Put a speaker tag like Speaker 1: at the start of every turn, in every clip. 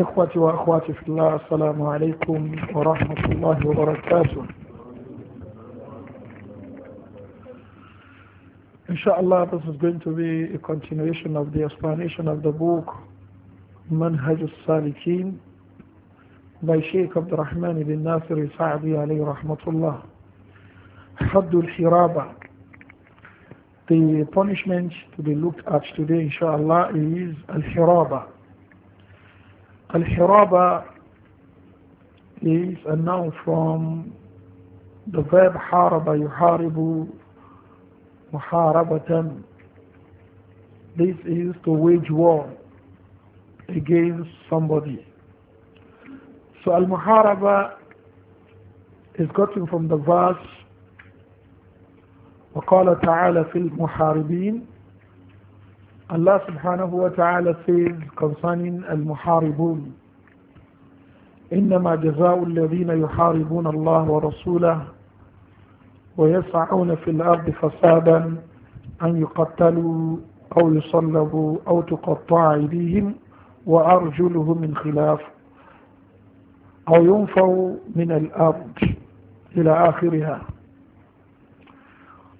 Speaker 1: إخوتي وأخواتي في الله السلام عليكم ورحمة الله وبركاته Inshallah, this is going to be a continuation of the explanation of the book Manhaj al-Salikin by Sheikh Abdurrahman ibn Nasir al-Sa'di alayhi rahmatullah. Haddul Hiraba. The punishment to be looked at today, inshallah, is al-Hiraba. Al-Hiraba is a noun from the verb haraba yuharibu muharabatan. This is to wage war against somebody. So al-muharaba is gotten from the verse وقال تعالى في المحاربين الله سبحانه وتعالى في says المحاربون إنما جزاء الذين يحاربون الله ورسوله ويسعون في الأرض فسادا أن يقتلوا أو يصلبوا أو تقطع أيديهم وأرجلهم من خلاف أو ينفوا من الأرض إلى آخرها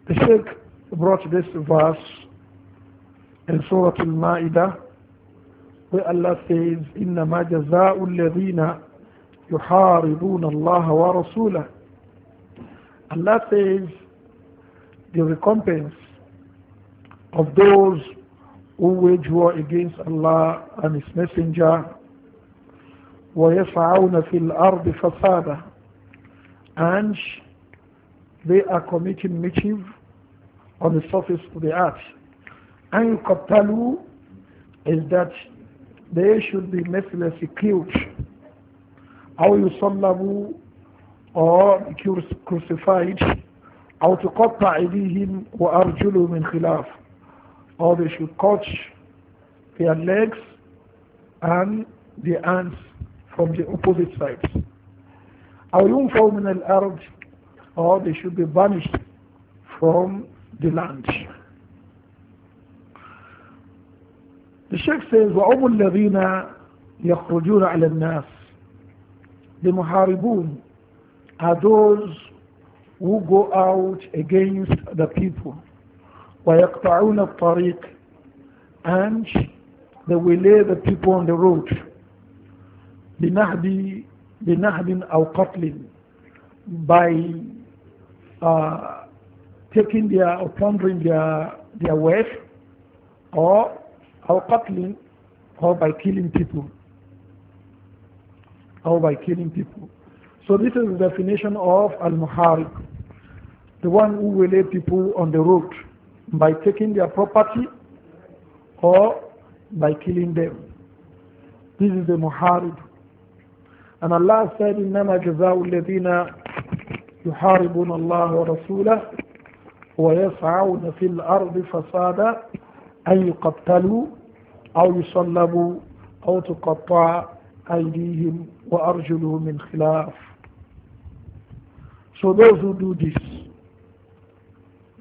Speaker 1: The Sheikh brought this verse in Surah Al-Ma'idah where Allah says إنما جزاء الذين يحاربون الله ورسوله Allah says the recompense of those who wage war against Allah and His Messenger ويسعون في الأرض فسادا and they are committing mischief on the surface of the earth Ankopalu is that they should be mercilessly killed. How you yusallabu or crucified. أو تقطع أيديهم وأرجلهم من خلاف or they should cut their legs and their hands from the opposite sides أو ينفوا من الأرض or they should be banished from the land The Sheikh says, وَأُمُ الَّذِينَ يَخْرُجُونَ عَلَى النَّاسِ The are those who go out against the people. وَيَقْطَعُونَ الطَّرِيقِ And they will lay the people on the road. بِنَهْبِ بِنَهْبٍ أَوْ قَتْلٍ By uh, taking their, or plundering their, their wealth, or or by killing people or by killing people. So this is the definition of al-muharib, the one who will lay people on the road by taking their property or by killing them. This is the muharib. And Allah said, إنما جزاء الذين يحاربون الله ورسوله ويسعون في الأرض فسادا أن يقتلوا أو يصلبوا أو تقطع أيديهم وأرجلهم من خلاف So those who do this,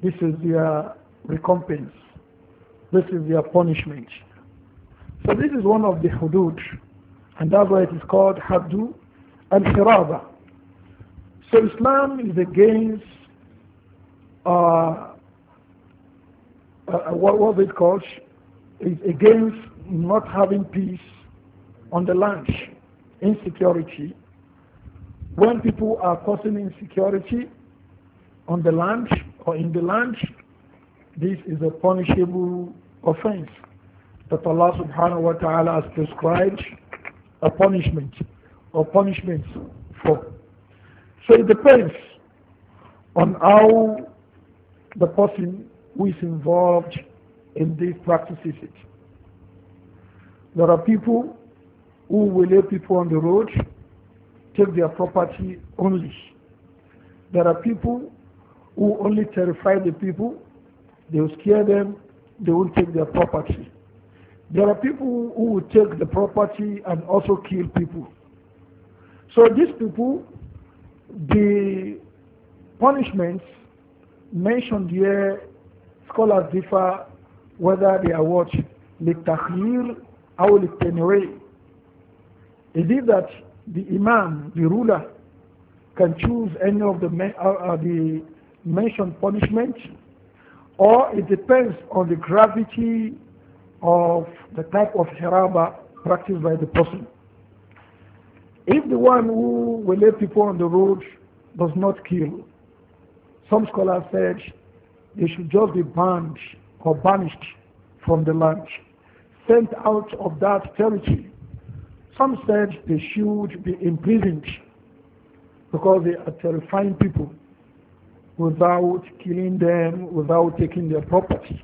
Speaker 1: this is their recompense. This is their punishment. So this is one of the hudud, and that's why it is called haddu al-hiraba. So Islam is against uh, uh, what was it called? is against not having peace on the land, insecurity. When people are causing insecurity on the land or in the land, this is a punishable offense that Allah subhanahu wa ta'ala has prescribed a punishment or punishments for. So it depends on how the person who is involved indeed practices it. There are people who will let people on the road take their property only. There are people who only terrify the people, they will scare them, they will take their property. There are people who will take the property and also kill people. So these people, the punishments mentioned here, scholars differ whether they are what للتخيير or للتنويع is it that the imam the ruler can choose any of the, uh, uh, the mentioned punishment or it depends on the gravity of the type of haraba practiced by the person. If the one who will let people on the road does not kill, some scholars said they should just be banned or banished from the land, sent out of that territory. Some said they should be imprisoned because they are terrifying people without killing them, without taking their property.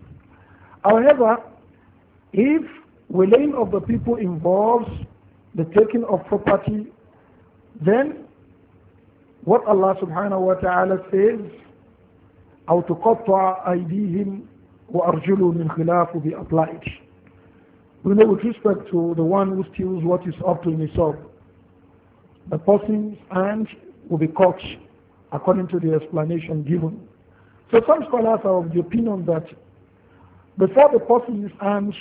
Speaker 1: However, if willing of the people involves the taking of property, then what Allah subhanahu wa ta'ala says, أو تقطع أيديهم وَأَرْجُلُ مِنْ خِلَافُ بِأَطْلَائِكِ We know with respect to the one who steals what is up to himself, the person's hand will be caught according to the explanation given. So some scholars are of the opinion that before the person's hands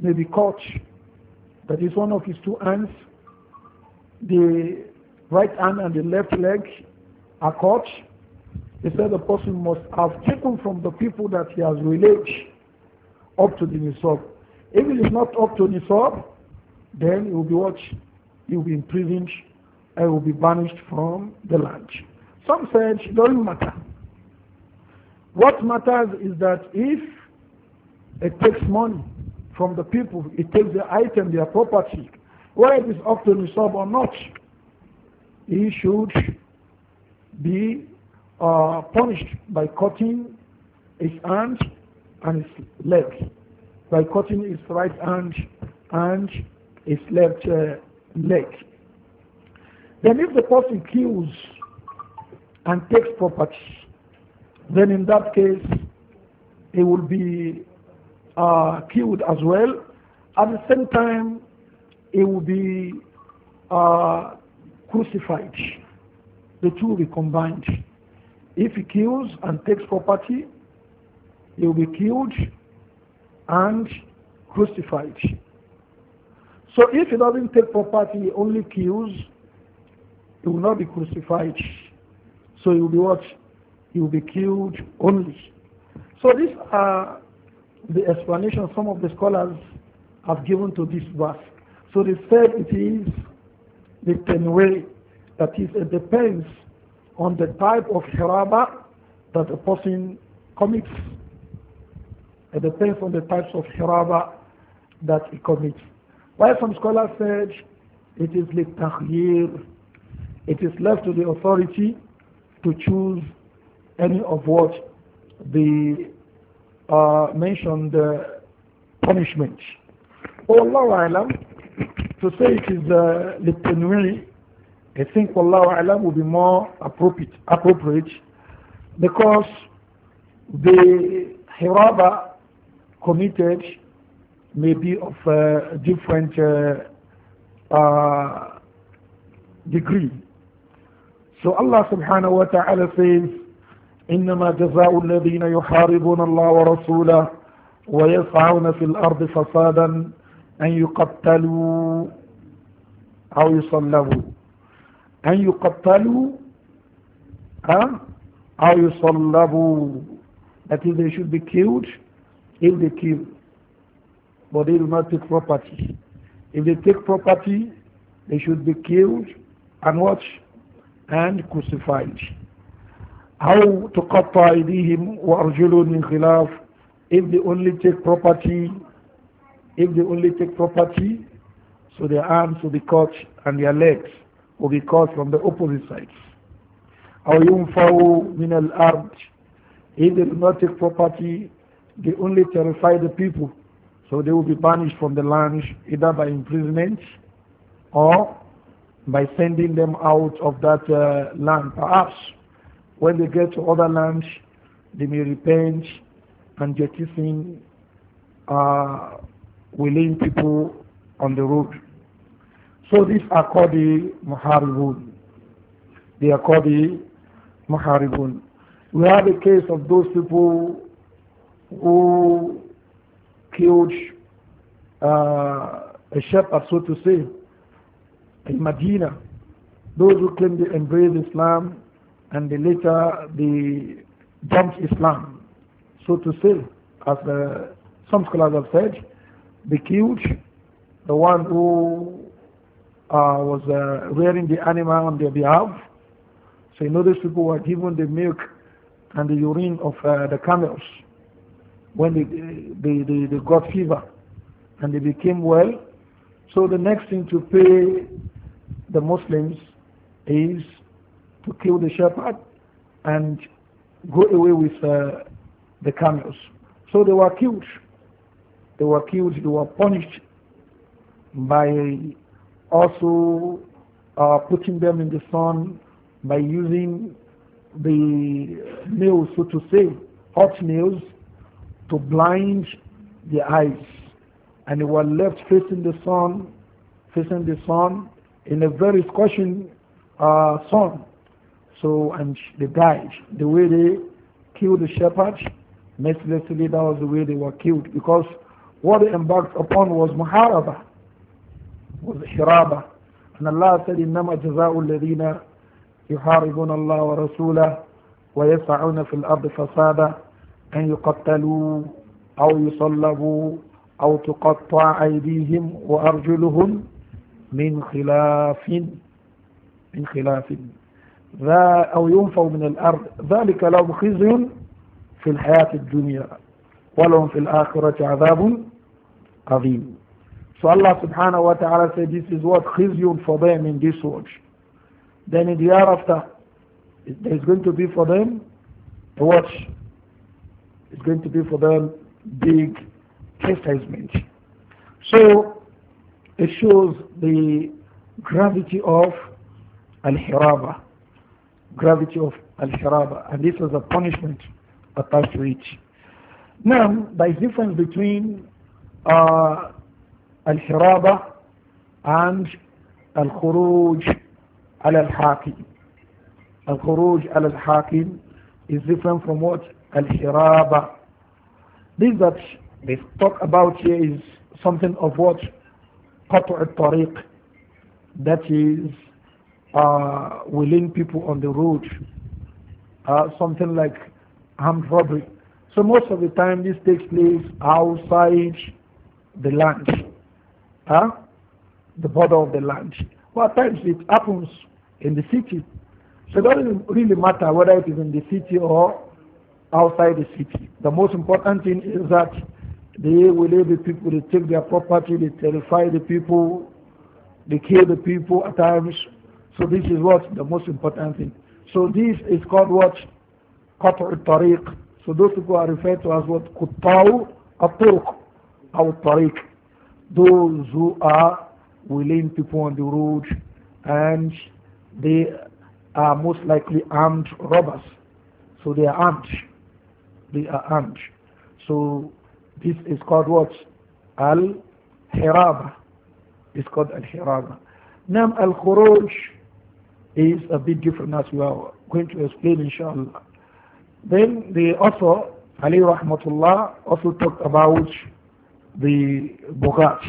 Speaker 1: may be caught, that is one of his two hands, the right hand and the left leg are caught, he said the person must have taken from the people that he has relayed up to the nisab. If it is not up to nisab, then he will be what? He will be imprisoned and will be banished from the land. Some said it doesn't matter. What matters is that if it takes money from the people, it takes their item, their property, whether it is up to nisab or not, he should be uh, punished by cutting his hand and his left, by cutting his right hand and his left uh, leg. Then if the person kills and takes property, then in that case he will be uh, killed as well. At the same time, he will be uh, crucified. The two will be combined. If he kills and takes property, he will be killed and crucified. So if he doesn't take property, he only kills, he will not be crucified. So he will be what? He will be killed only. So these are the explanation some of the scholars have given to this verse. So they said it is the way, that is, it depends on the type of haraba that a person commits. It depends on the types of haraba that he commits. While some scholars said it is litahir, it is left to the authority to choose any of what uh, the uh, mentioned uh, punishment. Allah alam, to say it is uh, I think Wallahu Alam will be more appropriate, appropriate because the hiraba committed may be of a different uh, uh, degree. So Allah subhanahu wa ta'ala says, إنما جزاء الذين يحاربون الله ورسوله ويسعون في الأرض فسادا أن يقتلوا أو يصلبوا أن يقتلوا huh? أو يصلبوا that is they should be killed if they kill but they do not take property if they take property they should be killed and what and crucified أو تقطع أيديهم وأرجلهم من خلاف if they only take property if they only take property so their arms will be cut and their legs will be caused from the opposite sides. young ينفوا من الأرض arms, they do not take property, they only terrify the people. So they will be banished from the land either by imprisonment or by sending them out of that uh, land. Perhaps when they get to other lands, they may repent and jettison uh, willing people on the road. So these are called the Muharibun. They are called the Muharibun. We have a case of those people who killed uh, a shepherd, so to say, in Medina. Those who claim they embrace Islam and they later they dumped Islam, so to say, as uh, some scholars have said, they killed the one who uh, was uh, rearing the animal on their behalf. So you know these people were given the milk and the urine of uh, the camels when they, they, they, they got fever and they became well. So the next thing to pay the Muslims is to kill the shepherd and go away with uh, the camels. So they were killed. They were killed, they were punished by also uh, putting them in the sun by using the nails, so to say, hot nails, to blind the eyes. And they were left facing the sun, facing the sun, in a very scorching uh, sun. So, and they died. The way they killed the shepherds, mercilessly, that was the way they were killed. Because what they embarked upon was muharabah والحرابة أن الله said إنما جزاء الذين يحاربون الله ورسوله ويسعون في الأرض فسادا أن يقتلوا أو يصلبوا أو تقطع أيديهم وأرجلهم من خلاف من خلاف ذا أو ينفوا من الأرض ذلك لهم خزي في الحياة الدنيا ولهم في الآخرة عذاب عظيم So Allah subhanahu wa ta'ala said this is what khizyun for them in this world. Then in the year after, there is going to be for them a watch. It's going to be for them big chastisement. So it shows the gravity of al-hiraba. Gravity of al-hiraba. And this was a punishment attached to it. Now, there is difference between uh, الحرابة and al-khuruj al-hakim. Al-khuruj al-hakim is different from what? Al-hiraba. This that they talk about here is something of what? Qatu' al-tariq. is uh, willing people on the road. Uh, something like armed robbery. So most of the time this takes place outside the land huh, the border of the land. What times it happens in the city. So it doesn't really matter whether it is in the city or outside the city. The most important thing is that they will the people, they take their property, they terrify the people, they kill the people at times. So this is what the most important thing. So this is called what? Qat'u tariq. So those people are referred to as what? Qutta'u al-turuq, tariq those who are willing people on the road and they are most likely armed robbers. So they are armed. They are armed. So this is called what? Al-Hiraba. It's called Al-Hiraba. Nam Al-Khuruj is a bit different as we are going to explain inshallah. Then the author, Ali Rahmatullah, also talked about the Bogats.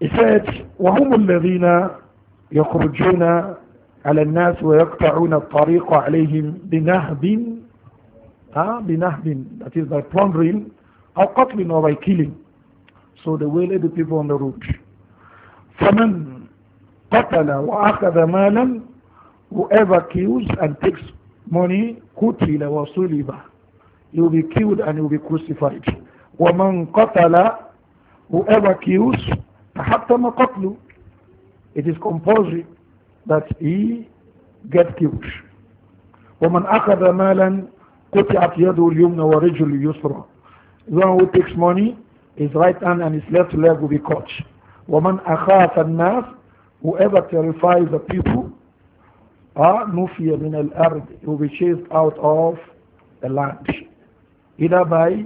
Speaker 1: He said, وهم الذين يخرجون على الناس ويقطعون الطريق عليهم بنهب بنهب that is by plundering أو قتل or by killing so they will the people on the road فمن قتل وأخذ مالا whoever kills and takes money قتل وصلب he will be killed and he will be crucified ومن قتل whoever kills تحتم قتله it is compulsory that he get killed ومن أخذ مالا قطعت يده اليمنى ورجل اليسرى the one who takes money his right hand and his left leg will be cut ومن أخاف الناس whoever terrifies the people نفي من الأرض will be chased out of the land either by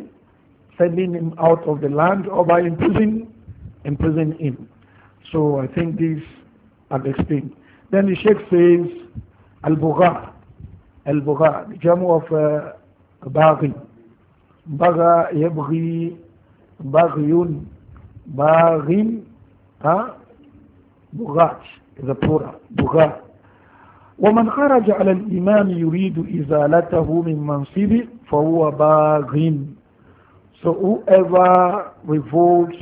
Speaker 1: sending him out of the land or by imprisoning, imprisoning him. So I think these are the explained. Then the Sheikh says, Al-Bugha, Al-Bugha, the Jamu of uh, Baghi. Bagha yabghi, Baghiyun, Baghin, huh? Bughat is a plural, Bugha. ومن خرج على الإمام يريد إزالته من منصبه فهو باغٍ so whoever revolts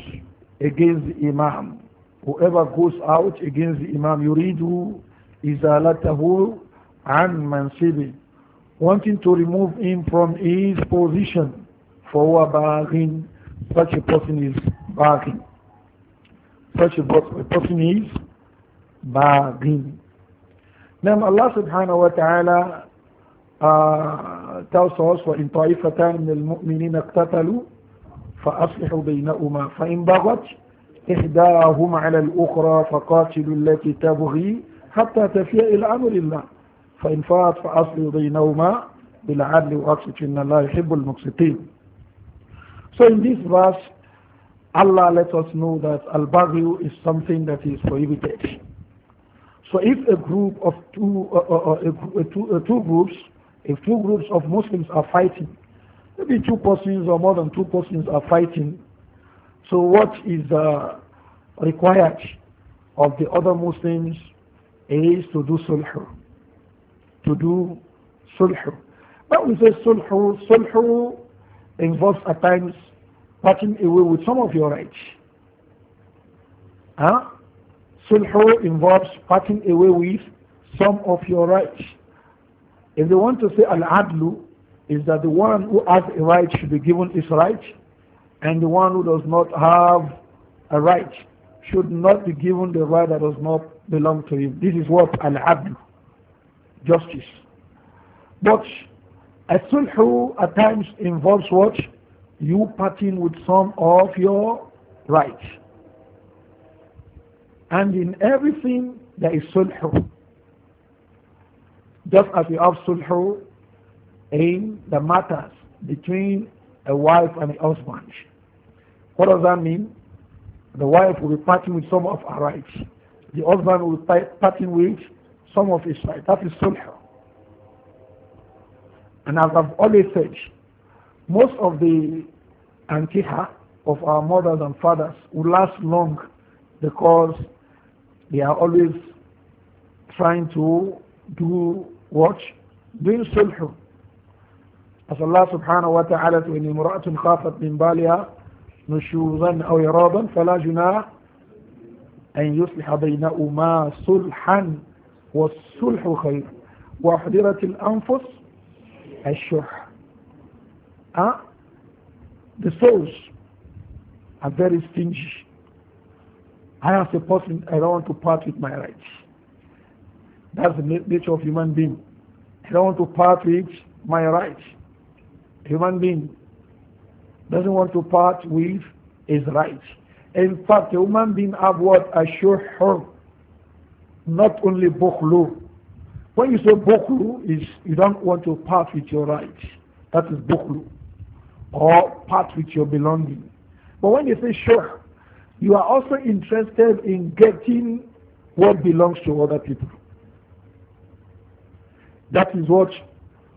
Speaker 1: against the Imam, whoever goes out against the Imam, yuridu izalatahu an mansibi, wanting to remove him from his position for bargain, such a person is bargain. Such a person is bargain. Now Allah subhanahu wa ta'ala uh, tells us وَإِن طَائِفَتَانِ مِنَ الْمُؤْمِنِينَ اقْتَتَلُوا فأصلحوا بينهما فإن بغت إحداهما على الأخرى فقاتلوا التي تبغي حتى تفيء إلى أمر الله فإن فات فأصلحوا بينهما بالعدل وأقصد إن الله يحب المقسطين So in this verse, Allah lets us know that al-baghi is something that is prohibited. So if a group of two, uh, uh, uh, two, two groups, if two groups of Muslims are fighting, maybe two persons or more than two persons are fighting. So what is uh, required of the other Muslims is to do sulh, to do sulh. But we say sulh, sulh involves at times parting away with some of your rights. Huh? Sulh involves parting away with some of your rights. If they want to say al-adlu, is that the one who has a right should be given his right, and the one who does not have a right should not be given the right that does not belong to him. This is what al Abdu, justice. But as-sulhu at times involves what? You parting with some of your rights. And in everything there is sulhu. Just as we have sulhu in the matters between a wife and a husband. What does that mean? The wife will be parting with some of her rights. The husband will be parting with some of his rights. That is sulh. And as I've always said, most of the antiha of our mothers and fathers will last long because they are always trying to do what? Doing sulh as Allah subhanahu wa ta'ala to any muratun khafat min baliha nushuzan aw iradan fala junah an yuslih baynahuma والصلح خير وأحضرت الأنفس الشح huh? The souls are very stingy. I as a person, I don't want to part with my rights. That's the nature of human being. I don't want to part with my rights human being doesn't want to part with his rights. In fact, a human being have what? her Not only buklu. When you say buklu, is you don't want to part with your rights. That is buklu, Or part with your belonging. But when you say sure, you are also interested in getting what belongs to other people. That is what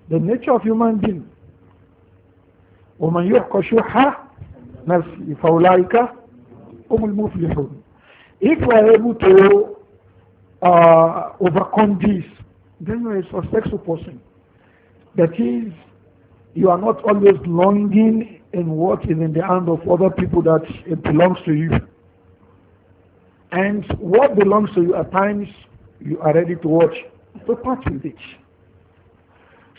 Speaker 1: the nature of human being. ومن يحق شح نفسه فأولئك هم المفلحون If we are able to uh, overcome this, then we are a successful person. That is, you are not always longing in what is in the hand of other people that it belongs to you. And what belongs to you at times, you are ready to watch, to part with it.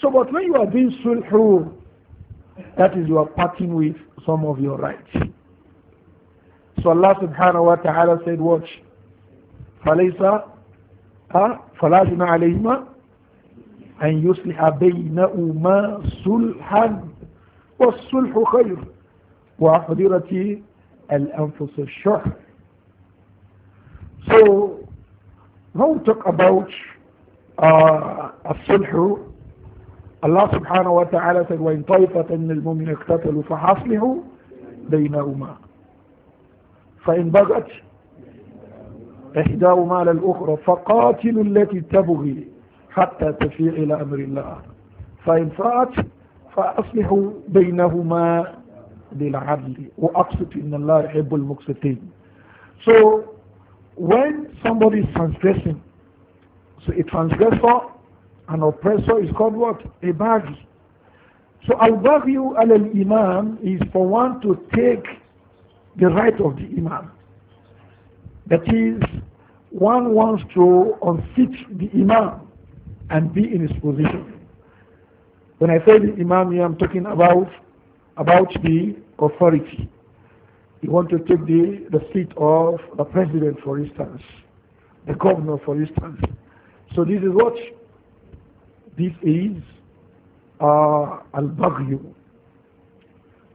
Speaker 1: So, but when you are doing through. That is you are parting with some of your rights. So Allah subhanahu wa ta'ala said, watch. فَلَيْسَ فَلَا جُنَا أَنْ يُصْلِحَ بَيْنَهُمَا صُلْحًا وَالصُّلْحُ خَيْرٌ وَحُضِرَتِ الْأَنفُسُ الشُّحْرِ So, now we talk about uh, الصلح الله سبحانه وتعالى سيد وإن طائفة من المؤمن اقتتلوا فحصله بينهما فإن بغت إحداهما على الأخرى فقاتلوا التي تبغي حتى تفيء إلى أمر الله فإن فات فأصلحوا بينهما بالعدل وأقصد إن الله يحب المقسطين So when somebody is transgressing, so a transgressor An oppressor is called what? A baghi. So al-baghyu al-imam is for one to take the right of the imam. That is, one wants to unseat the imam and be in his position. When I say the imam here, I'm talking about, about the authority. You want to take the, the seat of the president, for instance, the governor, for instance. So this is what this is uh, al-baghyu.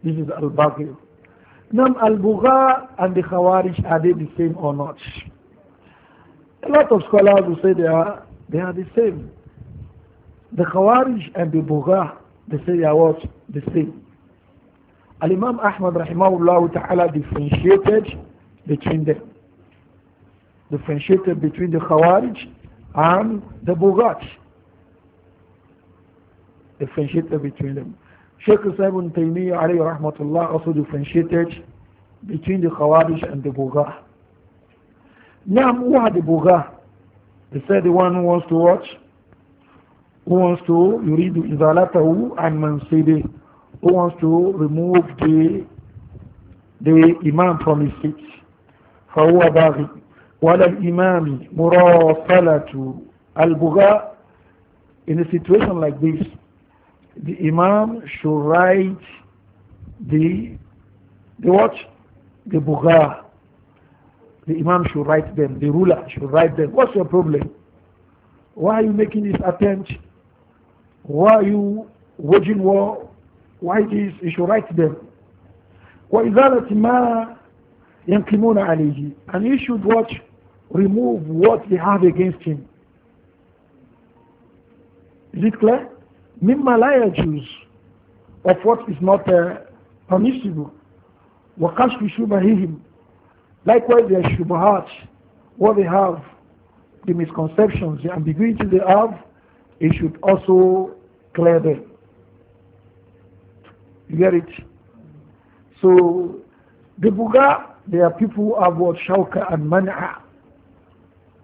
Speaker 1: This is al-baghyu. Now, al-bugha and the khawarij, are they the same or not? A lot of scholars will say they are, they are the same. The khawarij and the bugha, they say they are what? The same. Al-Imam Ahmad rahimahullah ta'ala differentiated between them. Differentiated between the khawarij and the bugha differentiated between them. Sheikh Ibn Taymiyyah alayhi rahmatullah also differentiated between the Khawarij and the Bugha. Now, who are the Bugha? They said the one who wants to watch, who wants to the izalatahu and منصبه, who wants to remove the the imam from his seat. فهو باغي ولا الإمام al البغاء in a situation like this the Imam should write the, the what? The Bugha. The Imam should write them. The ruler should write them. What's your problem? Why are you making this attempt? Why are you waging war? Why this? You should write them. وإزالة ما ينقمون عليه and you should watch remove what they have against him is it clear مما Jews of what is not uh, permissible وكشف شبههم likewise their shubahat what they have the misconceptions the ambiguity they have it should also clear them you get it so the buga they are people who have what shauka and man'a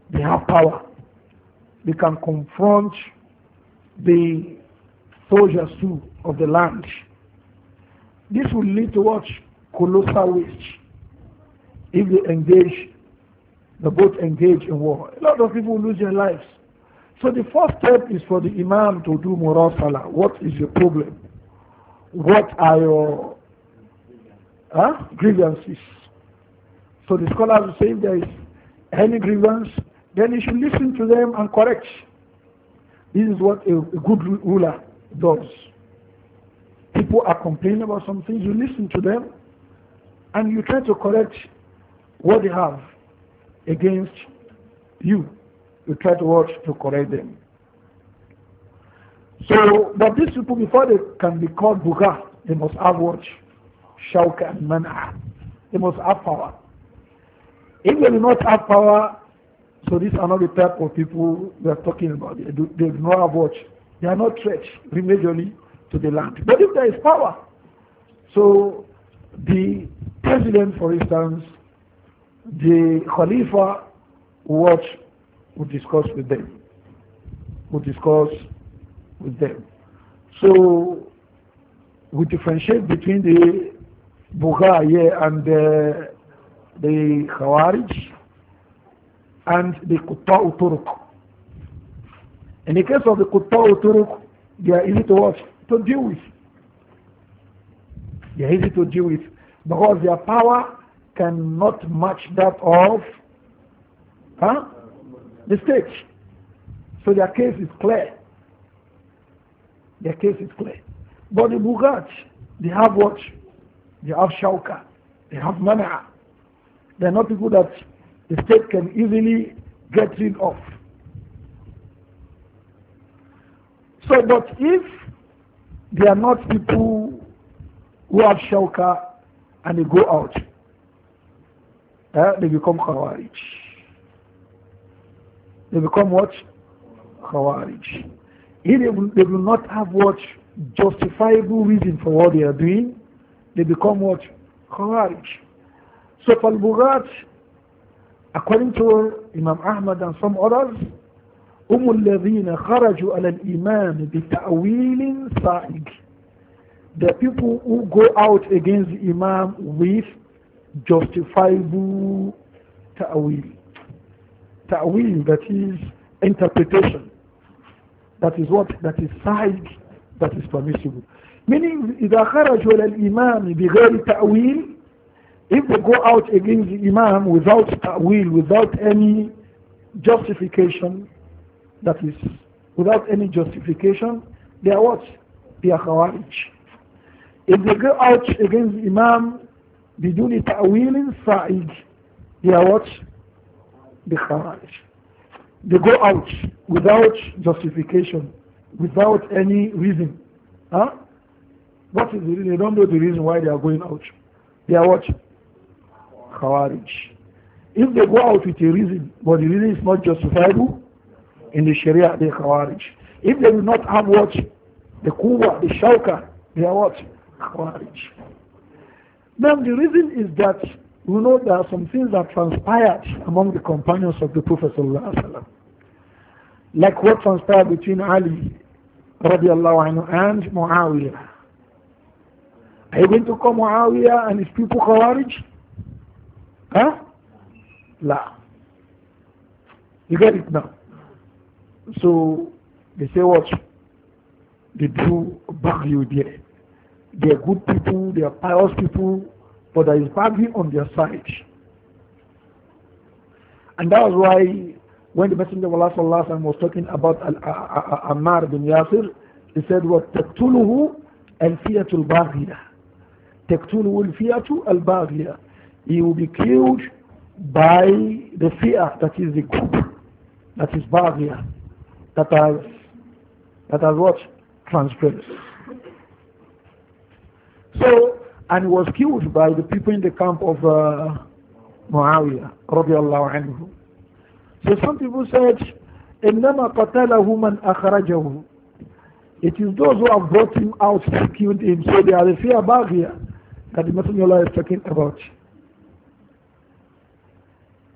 Speaker 1: they have power they can confront the soldiers too of the land. This will lead to what? Colossal waste. If they engage, the both engage in war. A lot of people lose their lives. So the first step is for the Imam to do salah. What is your problem? What are your huh? grievances? So the scholars say if there is any grievance, then you should listen to them and correct. This is what a, a good ruler those People are complaining about some things, you listen to them and you try to correct what they have against you. You try to watch to correct them. So, but these people, before they can be called buga, they must have watch, shauka and mana. They must have power. If they do not have power, so these are not the type of people we are talking about. They do, they do not have watch, they are not threat immediately to the land. But if there is power, so the president, for instance, the Khalifa, what would discuss with them? Would discuss with them. So we differentiate between the Bugha yeah, and the, the Khawarij and the Qutta Turk. In the case of the Kuttau Turuk, they are easy to watch, to deal with. They are easy to deal with because their power cannot match that of huh? the state. So their case is clear. Their case is clear. But the Bugat, they have what? They have Shauka. They have Mana. They are not people that the state can easily get rid of. So, but if they are not people who have shawka and they go out, eh, they become khawarij. They become what? Khawarij. If they will, they will not have what justifiable reason for what they are doing, they become what? Khawarij. So, Falbughat, according to Imam Ahmad and some others, هم الذين خرجوا على بتأويل صائغ the people who go out against the Imam with justifiable ta'wil. Ta'wil, that is interpretation. That is what? That is side that is permissible. Meaning, إذا الإمام بغير if they go out against the Imam without ta'wil, without any justification, that is, without any justification, they are what? They are Khawarij. If they go out against Imam the تأويل صعيد they are what? The Khawarij. They go out without justification, without any reason. Huh? What is the reason? They don't know the reason why they are going out. They are what? Khawarij. If they go out with a reason, but the reason is not justifiable, in the Sharia, they Khawarij. If they do not have what? The Kuwa, the Shauka, they are what? Khawarij. Now the reason is that we know there are some things that transpired among the companions of the Prophet like what transpired between Ali radiallahu anhu and Muawiyah. Are you going to call Muawiyah and his people Khawarij? Huh? La. You get it now. So they say what? They do value there. They are good people, they are pious people, but there is value on their side. And that was why when the Messenger of Allah sallallahu alaihi was talking about Al Ammar bin Yasir, he said, "What تقتله الفئة الباغية تقتله al الباغية He will be killed by the fear that is the group that is baghiyah that are that are what? Transgressed. So, and he was killed by the people in the camp of uh, Muawiyah radiallahu anhu. So some people said, إِنَّمَا qatalahu man أَخْرَجَهُ It is those who have brought him out to kill him. So they are the fear here that the Messenger of Allah is talking about.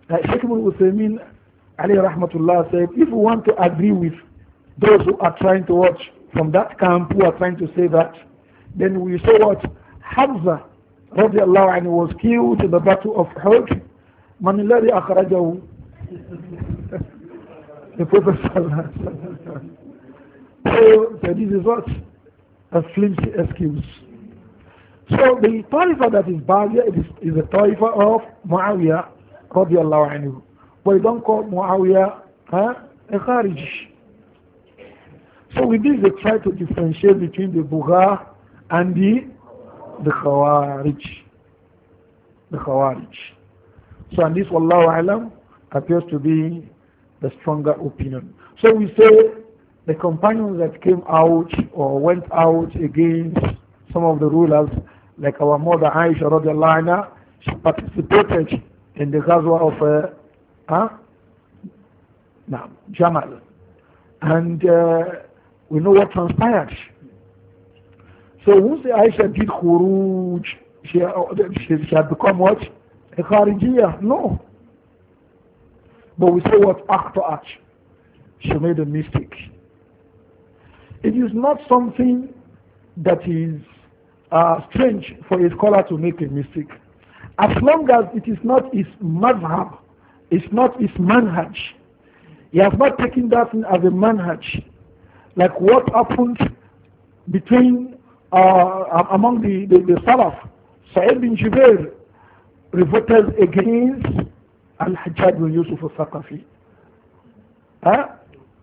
Speaker 1: Like Sheikh Ibn Uthaymeen Ali Rahmatullah said, if we want to agree with those who are trying to watch from that camp who are trying to say that, then we saw what? Hamza radiallahu anhu was killed in the battle of Uhud. Man alladhi akhrajahu? The Prophet sallallahu so, so this is what? A flimsy excuse. So the taifa that is bad is, is the taifa of Muawiyah radiallahu anhu but don't call Muawiyah huh, a Kharij. So with this they try to differentiate between the Bugha and the the Khawarij. The Khawarij. So and this Wallahu Alam appears to be the stronger opinion. So we say the companions that came out or went out against some of the rulers, like our mother Aisha radiallahu she participated in the Ghazwa of uh, Huh? Now, Jamal. And uh, we know what transpired. So once Aisha did khuruj, she, she, she had become what? A kharijiyah. No. But we say what? Akhtaat. She made a mistake. It is not something that is uh, strange for a scholar to make a mistake. As long as it is not his madhab it's not his manhaj. He has not taken that as a manhaj. Like what happened between uh, among the, the, the Salaf. Sa'id bin Jubair revolted against Al-Hajjaj bin Yusuf al-Thaqafi. Huh?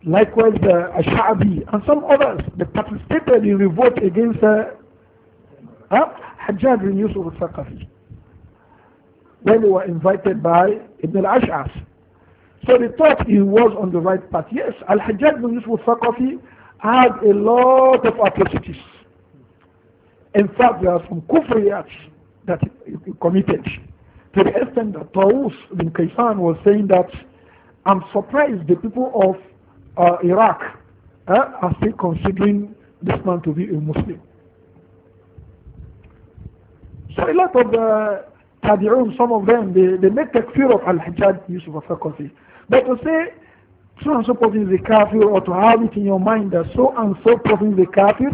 Speaker 1: Likewise, uh, al and some others they participated in revolt against uh, Hajjaj bin Yusuf al-Thaqafi when they were invited by Ibn al-Ash'as. So they thought he was on the right path. Yes, Al-Hajjaj bin Yusuf Thaqafi had a lot of atrocities. In fact, there are some kufriyats that he committed. To the extent that Taus bin Kaysan was saying that, I'm surprised the people of uh, Iraq uh, are still considering this man to be a Muslim. So a lot of Tabi'un, some of them, they, they make takfir of Al-Hajjaj Yusuf a thaqafi But to say so and so prophet is a kafir or to have it in your mind that so and so prophet is a kafir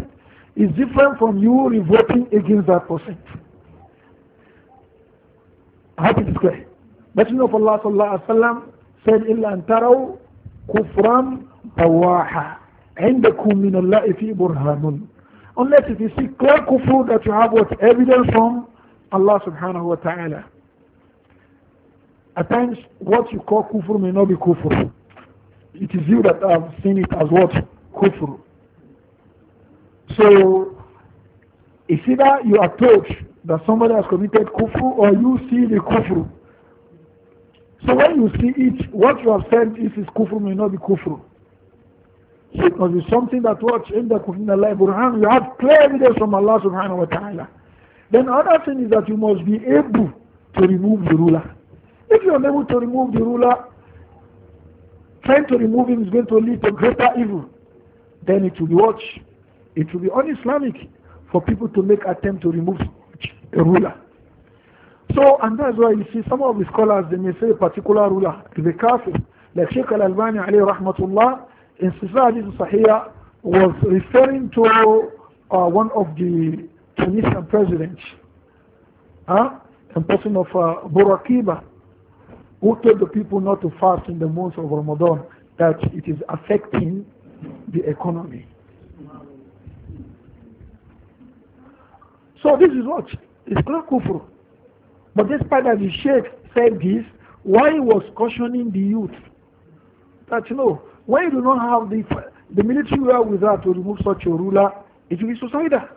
Speaker 1: is different from you revolting against that person. I hope it is clear. you of Allah sallallahu alaihi wasallam said, "Illa antaraw kufram tawaha indakum min Allah fi burhanun." Unless see clear kufur that you have what evidence from, Allah subhanahu wa ta'ala. At times, what you call kufr may not be kufr. It is you that have seen it as what? Kufr. So, it's either you are told that somebody has committed kufr or you see the kufr. So when you see it, what you have said is, is kufr may not be kufr. Because it's something that what in the kufr in the life Quran, you have clear evidence from Allah subhanahu wa ta'ala. Then another thing is that you must be able to remove the ruler. If you are able to remove the ruler, trying to remove him is going to lead to greater evil. Then it will be watch, It will be un-Islamic for people to make attempt to remove a ruler. So, and that's why you see some of the scholars, they may say a particular ruler is the kafir. Like Sheikh Al-Albani alayhi rahmatullah, in Sisa Hadith Sahih was referring to uh, one of the Tunisian president, huh? a person of uh, Burakiba, who told the people not to fast in the month of Ramadan, that it is affecting the economy. So this is what is not kufr. But despite that the sheikh said this, why he was cautioning the youth that you know, why you do not have the, the military wherewithal to remove such a ruler, it will be suicidal.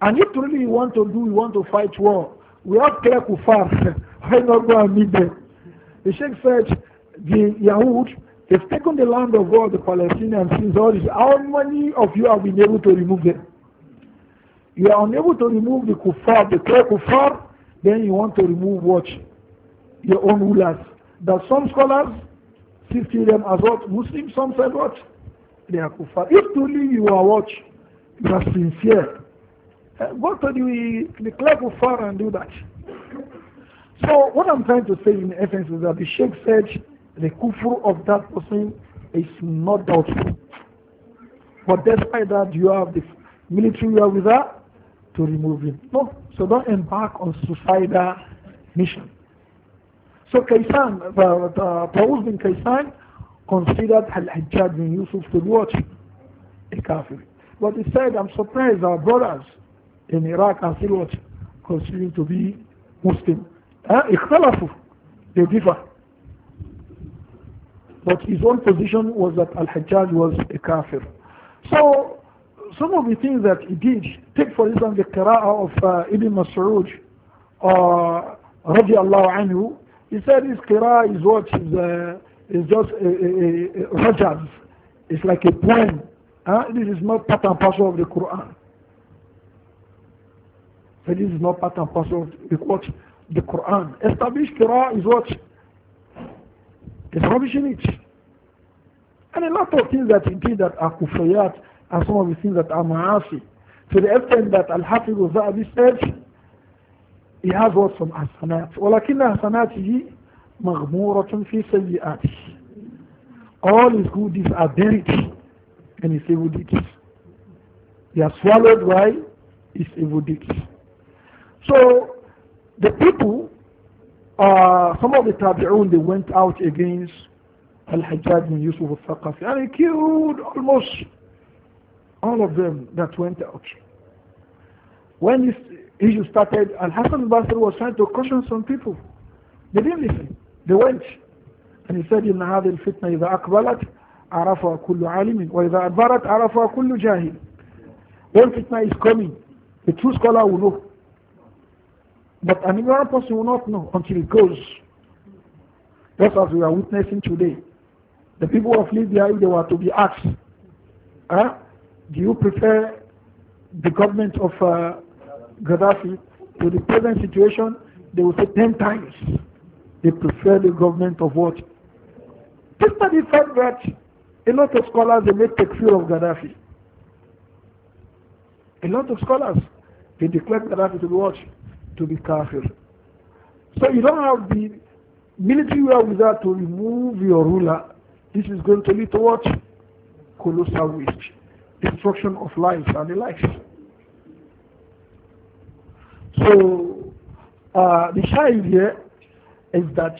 Speaker 1: And if really you want to do, you want to fight war, we have clear kufar. Why not go and meet them? The Sheikh said, the Yahud, they've taken the land of God, the Palestinians, since all this. How many of you have been able to remove them? You are unable to remove the kuffar, the clear kuffar, then you want to remove what? Your own rulers. That some scholars see them as what? Muslims, some said what? They are kuffar. If truly you are what? You are sincere what uh, go we the, the clerk and do that. So what I'm trying to say in essence is that the Sheikh said the kufr of that person is not doubtful. But despite that, you have the military you have with that to remove him. No, so don't embark on suicidal mission. So Kaysan, uh, uh, Tawuz bin Kaysan considered Al-Hajjaj bin Yusuf to be A kafir. But he said, I'm surprised our brothers, in Iraq are still what? continue to be Muslim. Uh, eh? ikhtilafu, they differ. But his own position was that Al-Hajjaj was a kafir. So, some of the things that he did, take for example the qira'ah of uh, Ibn Mas'ud, uh, radiallahu anhu, he said his qira'ah is what is, uh, is just a, a, a, a It's like a poem. Eh? This is not part and parcel of the Quran. That this is not part and parcel with what? The Quran. Established Qur'an is what? establishing it. And a lot of things that he that are kufriyat are some of the things that are ma'asi. To the extent that Al-Hafiz was zahabi said, he has what from hasanat. ولكن حسناته مغمورة في سيئاته. All his good deeds are buried in his evil deeds. They are swallowed by his evil deeds. So the people, uh, some of the Tabi'un, they went out against Al-Hajjaj bin Yusuf al-Thaqafi and he killed almost all of them that went out. When this issue started, Al-Hassan al-Basri was trying to caution some people. They didn't listen. They went. And he said, إن هذه الفتنة إذا أقبلت عرفها كل عالم وإذا أدبرت عرفها كل جاهل. When fitna is coming, the true scholar will know. But an ignorant person will not know until it goes. Just as we are witnessing today. The people of Libya, if they were to be asked, huh, ah, do you prefer the government of uh, Gaddafi to the present situation? They will say 10 times they prefer the government of what? This the fact that a lot of scholars they made takfir of Gaddafi. A lot of scholars they declared Gaddafi to be watch to be kafir. So you don't have the military that to remove your ruler. This is going to lead to what? Colossal waste, destruction of lives and the likes. So uh, the child here is that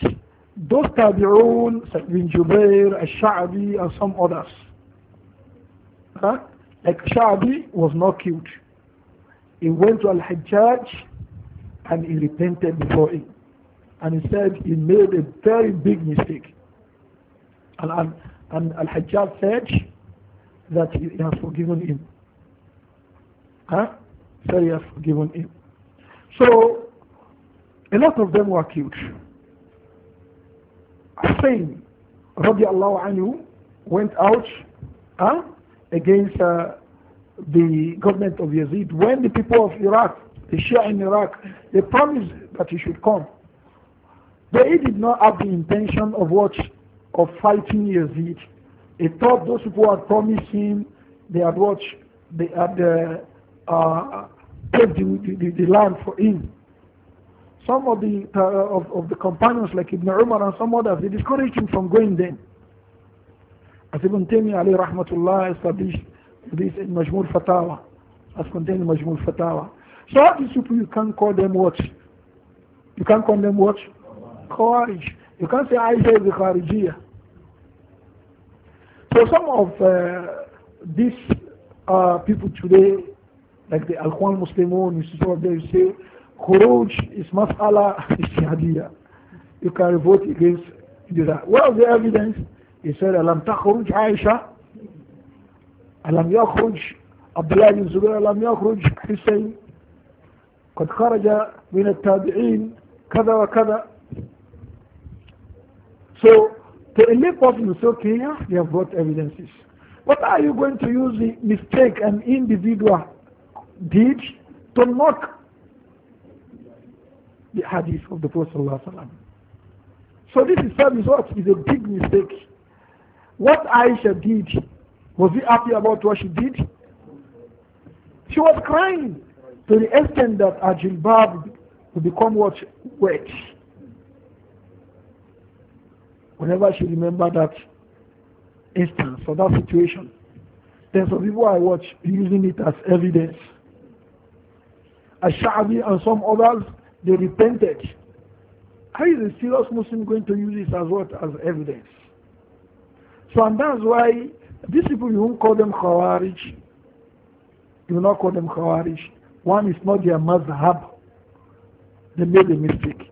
Speaker 1: those Tabi'un, Sa'id bin Jubair, Al-Sha'bi and some others, huh? like Sha'bi was not killed. He went to Al-Hajjaj and he repented before him. And he said he made a very big mistake. And, and, and Al-Hajjaj said that he has forgiven him. Huh? So he has forgiven him. So a lot of them were killed. Hussein radiallahu anhu went out huh, against uh, the government of Yazid when the people of Iraq the Shia in Iraq, they promised that he should come. They did not have the intention of what? Of fighting Yazid. They thought those people had promised him, they had what? They had uh, uh, paved the, the, the, land for him. Some of the, uh, of, of the companions like Ibn Umar and some others, they discouraged him from going then. As Ibn Taymiyyah Ali, rahmatullah established this in Majmul Fatawa, as contained in Majmul Fatawa. So these people, you can't call them what? You can't call them what? Courage? You can't say Aisha is a Khawarijiyah. So some of uh, these uh, people today, like the Al-Khwan Muslimun, you see say, courage is mas'ala istihadiyya. You can vote against that. What is the evidence? He said, Alam takhruj Aisha, Alam yakhruj Abdullah bin Zubair, Alam yakhruj Hussein. قد خرج من التابعين كذا وكذا so to a person is yeah, they have brought evidences what are you going to use the mistake an individual did to mock the hadith of the Prophet ﷺ. so this is what is a big mistake what Aisha did was he happy about what she did she was crying to the extent that our jilbab will become what wet. Whenever she remember that instance or that situation, then some people I watch using it as evidence. Ashabi and some others, they repented. How is a serious Muslim going to use this as what? As evidence. So and that's why these people, you won't call them Khawarij. You will not call them Khawarij one is not their mazhab, they made a mistake.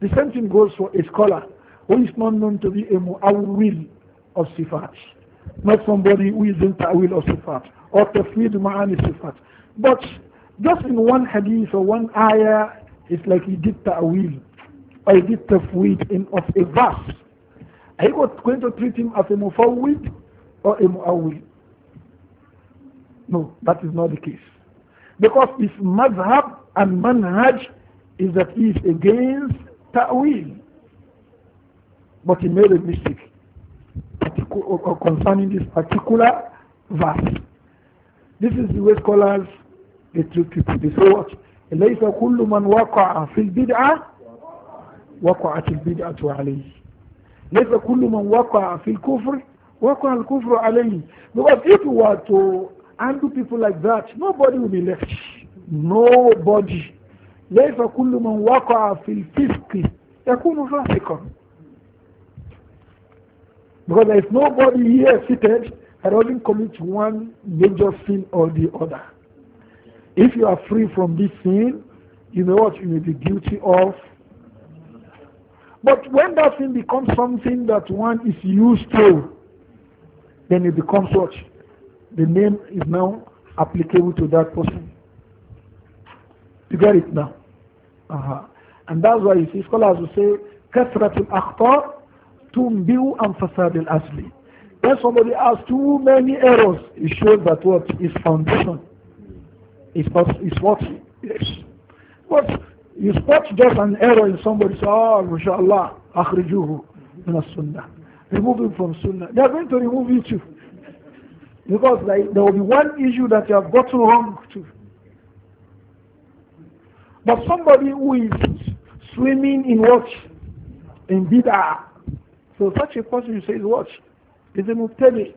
Speaker 1: The same thing goes for a scholar who is not known to be a mu'awwil of sifat, not somebody who is in ta'wil of sifat or tafwid ma'ani sifat. But just in one hadith or one ayah, it's like he did ta'wil or he did tafwid in of a verse. Are you going to treat him as a mufawwid or a mu'awwil? No, that is not the case. Because his madhab and manhaj is that he is against ta'wil. But he made a mistake uh, uh, concerning this particular verse. This is the way scholars they treat people. They say what? ليس كل من وقع في البدعة وقعت البدعة عليه. ليس كل من وقع في الكفر وقع الكفر عليه. Because if you were to handle people like that, nobody will be left. Nobody. ليس كل من وقع في not يكون فاسقا. Because there is nobody here seated that doesn't commit one major sin or the other. If you are free from this sin, you know what? You may be guilty of. But when that sin becomes something that one is used to, then it becomes what? the name is now applicable to that person. You get it now? Uh -huh. And that's why you see scholars will say, كثرة الأخطاء تنبئ عن فساد الأصل. When somebody has too many errors, it shows that what is foundation is what is yes. But you spot just an error in somebody say, oh, mashallah, akhrijuhu min sunnah. Remove him from sunnah. They are going to remove you too. Because like, there will be one issue that you have gotten wrong to. But somebody who is swimming in water, In bid'ah. So such a person you say is what? Is a mubtadi.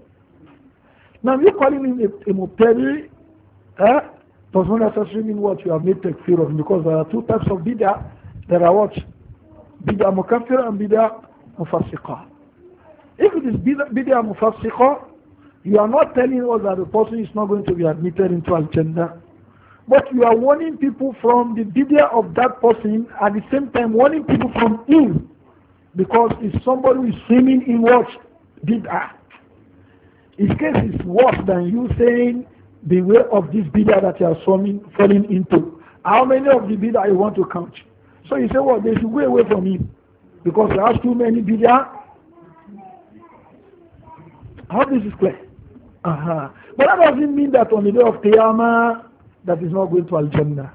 Speaker 1: Now you calling him a, a mubtadi eh, does not necessarily mean what you have made takfir of because there are two types of bid'ah. There are what? Bid'ah mukaffir and bid'ah mufassiqah. If it is bid'ah mufassiqah, You are not telling us that the person is not going to be admitted into Al-Jannah. But you are warning people from the bidya of that person at the same time warning people from him. Because if somebody is swimming in what? Bid'ah. His case is worse than you saying, beware of this bid'ah that you are swimming, falling into. How many of the bid'ah you want to count? So you say, well, they should go away from him. Because there are too many bid'ah. How this is clear? Uh-huh. But that doesn't mean that on the day of Qiyamah, that is not going to Al Jannah.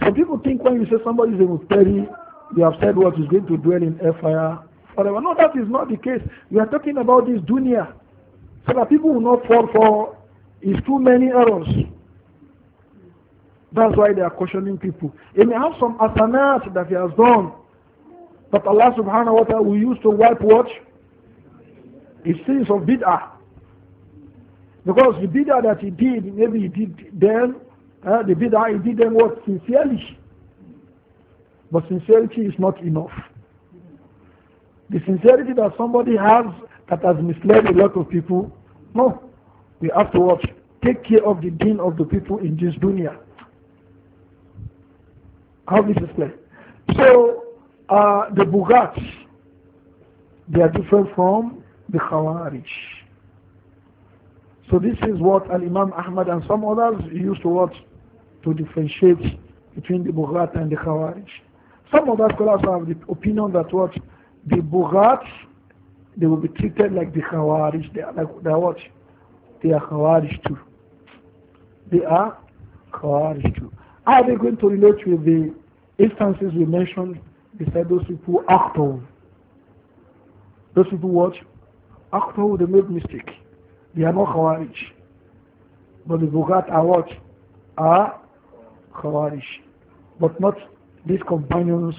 Speaker 1: So people think when you say somebody is a Muftari, you have said what is going to dwell in fire forever. No, that is not the case. We are talking about this dunya. So that people will not fall for is too many errors. That's why they are cautioning people. He may have some asanas that he has done. But Allah subhanahu wa ta'ala will use to wipe what? His sins of bid'ah. Because the bid'ah that he did, maybe he did then, uh, the bid'ah he did then was sincerely. But sincerity is not enough. The sincerity that somebody has that has misled a lot of people, no. We have to watch. Take care of the deen of the people in this dunya. How this is played? So, uh, the Bugats, they are different from the Khawarij. So this is what Al-Imam Ahmad and some others used to watch To differentiate between the Bughat and the Khawarij. Some of other scholars have the opinion that what? The Bughat, they will be treated like the Khawarij. They are, like, they are what? They are Khawarij too. They are Khawarij too. Are they going to relate with the instances we mentioned? beside said those people act on. Those people watch Act on, they made mistake. They are not Khawarij. But the Bugat are what? Are Khawarij. But not these companions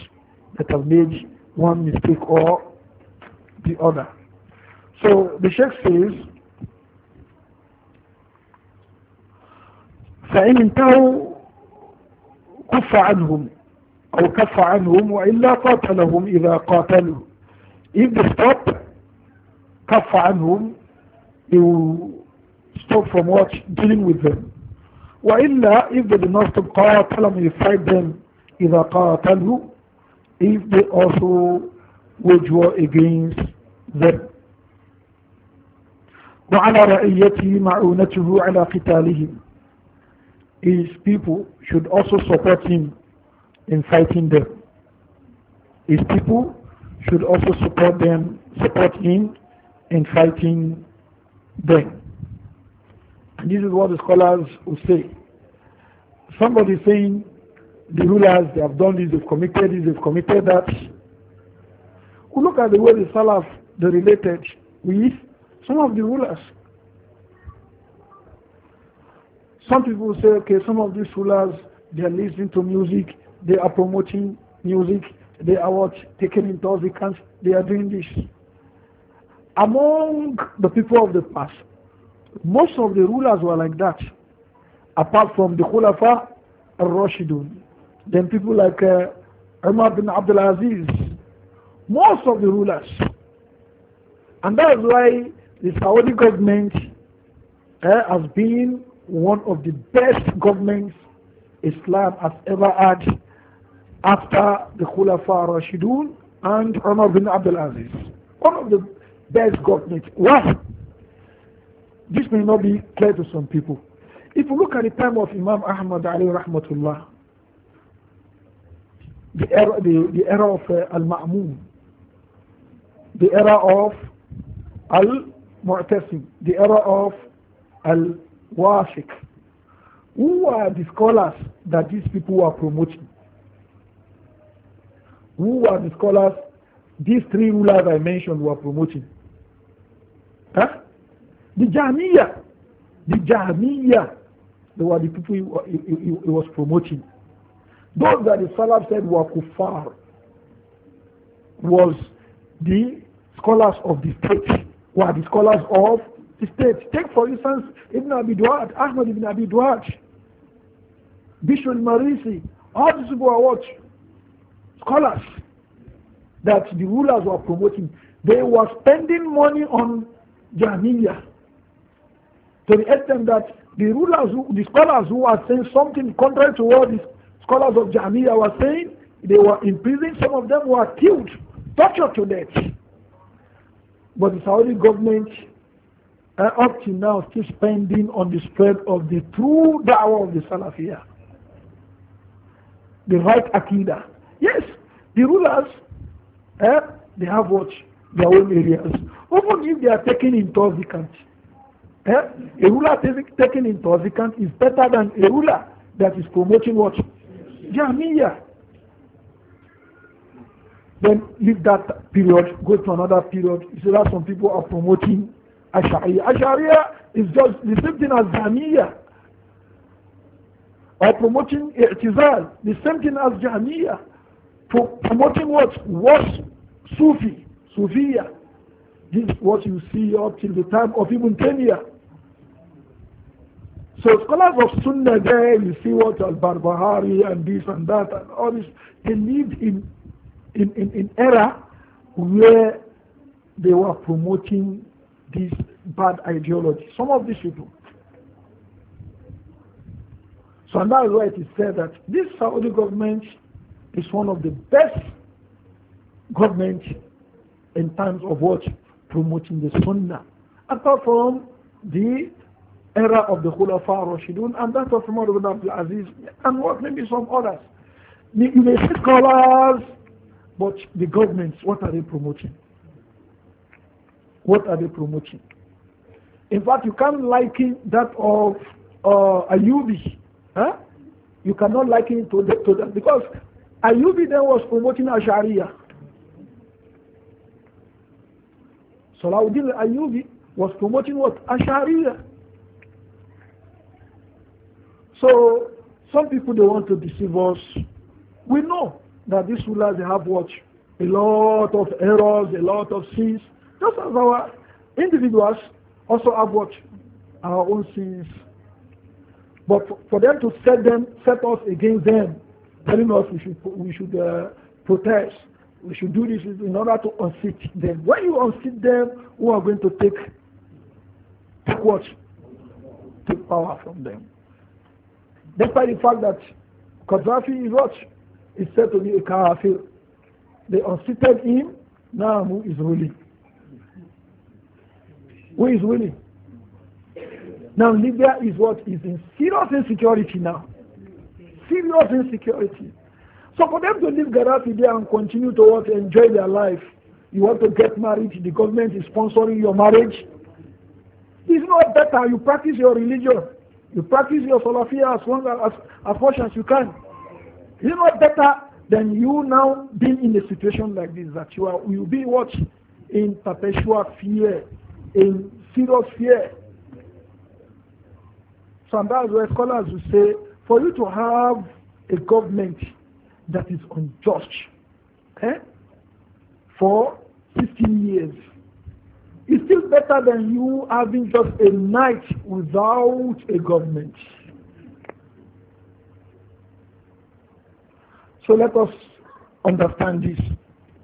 Speaker 1: that have made one mistake or the other. So the Sheikh says, فإن انتهوا كف عنهم أو كف عنهم وإلا قاتلهم إذا قاتلوا if they stop كف عنهم they will stop from what? Dealing with them. وإلا if they do not stop قاتلهم to fight them إذا قاتلوا if they also wage war against them وعلى رأيته معونته على قتالهم his people should also support him in fighting them his people should also support them support him in fighting then, And this is what the scholars will say. Somebody saying the rulers, they have done this, they've committed this, they've committed that. We look at the way the Salaf, they related with some of the rulers. Some people say, okay, some of these rulers, they are listening to music, they are promoting music, they are what, taking intoxicants, they are doing this among the people of the past, most of the rulers were like that, apart from the Khulafa al-Rashidun. Then people like uh, Umar bin Abdul Aziz, most of the rulers. And that is why the Saudi government uh, has been one of the best governments Islam has ever had after the Khulafa Rashidun and Umar bin Abdul Aziz. One of the best government. Why? This may not be clear to some people. If you look at the time of Imam Ahmad Ali Rahmatullah, the era, the, the era of uh, Al-Ma'mun, the era of Al-Mu'tasim, the era of al Wafiq, who were the scholars that these people were promoting? Who were the scholars these three rulers I mentioned were promoting? The Jamia, The Jamia, They were the people he, he, he, he was promoting. Those that the Salaf said were kuffar was the scholars of the state, were the scholars of the state. Take for instance Ibn Abi Duad, Ahmad Ibn Abi Duad, Bishop Marisi, all these people are what? Scholars that the rulers were promoting. They were spending money on Jahmiyyah. To the extent that the rulers, who, the scholars who are saying something contrary to what the scholars of Jahmiyyah were saying, they were imprisoned. Some of them were killed, tortured to death. But the Saudi government uh, up to now still spending on the spread of the true da'wah of the Salafiyah. The right Akida. Yes, the rulers, uh, they have what? Their own areas. Even if they are taking intoxicant, eh? a ruler taking intoxicant is better than a ruler that is promoting what? Jamia. Then leave that period, go to another period. You see that some people are promoting asharia. Asharia is just the same thing as Jamia. Or promoting I'tizal, the same thing as Jamia. Pro promoting what? What Sufi, Sufiya. This is what you see up till the time of Ibn Taymiyyah. So scholars of Sunnah there, you see what al-Barbahari and this and that and all this, they lived in, in, in, in era where they were promoting this bad ideology. Some of these people. So and that is why it is said that this Saudi government is one of the best government in terms of what promoting the Sunnah, apart from the era of the Khulafa Rashidun and that of Umar ibn Abdul Aziz and what maybe some others. You may see scholars, but the governments, what are they promoting? What are they promoting? In fact, you can't liken that of uh, Ayubi. Huh? You cannot liken it to, the, to that because Ayubi then was promoting Sharia. Salawuddin al-Ayyubi was promoting what? Ashariya. So, some people they want to deceive us. We know that these rulers they have what? A lot of errors, a lot of sins. Just as our individuals also have what? Our own sins. But for them to set them, set us against them, telling us we should, we should uh, protest, we should do this in order to unseat them. When you unseat them, who are going to take, take what? Take power from them. Despite the fact that Qaddafi is what? Is said to be a kafir. They unseated him, now who is ruling? Who is ruling? Now Libya is what? Is in serious insecurity now. Serious insecurity. So for them to leave Gaddafi there and continue to what, enjoy their life, you want to get married, the government is sponsoring your marriage. It's not better. You practice your religion. You practice your Salafia as long as, as much as you can. It's not better than you now being in a situation like this that you are will be what in perpetual fear, in serious fear. Sometimes we scholars will say, for you to have a government that is unjust eh? for 15 years. It's still better than you having just a night without a government. So let us understand this.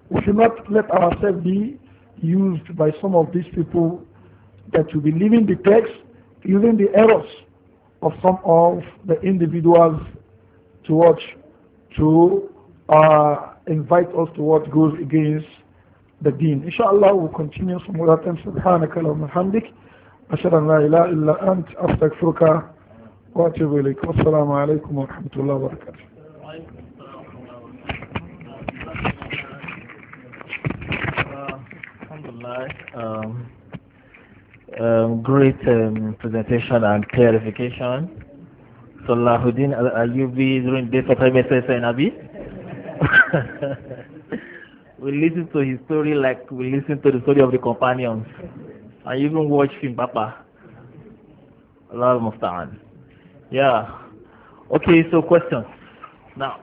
Speaker 1: We should not let ourselves be used by some of these people that will be leaving the text, using the errors of some of the individuals to watch to uh, invite us to what goes against the deen. Inshallah, we'll continue some other time. سبحانك اللهم وبحمدك أشهد أن لا إله إلا أنت أستغفرك وأتوب إليك والسلام عليكم ورحمة الله وبركاته. Um, um, great um, presentation and clarification. Salahuddin Al-Ayubi during the days of Imam and Abi. we listen to his story like we listen to the story of the companions. I even watch him, Papa. Allah Musta'an. Yeah. Okay, so questions. Now.